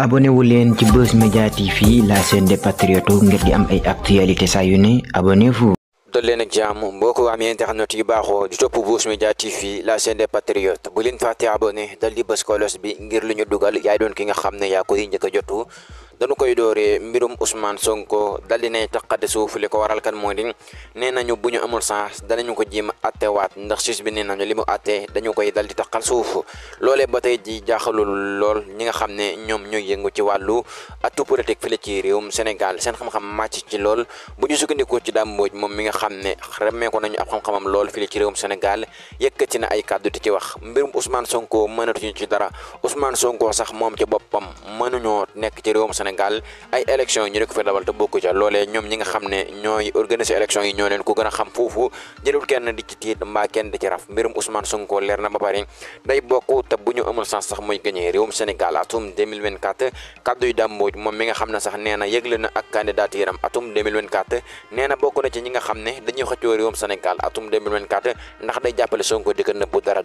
abonné wu leen ci Buzz Media TV la chaîne des patriotes ngir di am ay actualité saa yu ne abonnez-vous. dol leen ak jàmm mboo ko amee internet yu baaxoo di topp Buzz Media la chaîne des patriotes bu leen fàtte abonné dal di bës kolos bi ngir lu ñu dugal yaay doon ki nga xam ne yaa koy njëkk a jotu. dañu koy dooree mbirum Ousmane Sonko dal di nay taqate suuf li ko waral kan moo di nee nañu bu ñu amul sens danañu ko jéem a attewaat ndax sus bi nee nañu li mu attee dañu koy dal di taqal suuf loolee ba tey ji jaaxalul lool ñi nga xam ne ñoom ñooy yëngu ci wàllu atu politique fële ci réewum Sénégal seen xam-xam màcc ci lool bu ñu sukkandikoo ci Dame Mbodj moom mi nga xam ne remmee ko nañu ab xam-xamam lool fële ci réewum Sénégal yëkkati na ay kàddu di ci wax mbirum Ousmane Sonko mënatuñu ci dara Ousmane Sonko sax moom ci boppam mënuñoo nekk ci réewum Sénégal Sénégal ay élection yi ñu dëkk fi dabal te bokku ca loolee ñoom ñi nga xam ne ñooy organiser élection yi ñoo leen ko gën xam foofu jëlul kenn di ci tiit mbaa kenn di ci raf mbirum Ousmane Sonko leer na ba bari day bokk te bu ñu amul sens sax muy gagné réewum Sénégal atum 2024 kaddu yu dàmbooj moom mi nga xam ne sax nee na yëgle na ak candidature am atum 2024 bokk na ci ñi nga xam ne dañuy xëccoo réewum Sénégal atum 2024 ndax day jàppale Sonko di ko nëbbu dara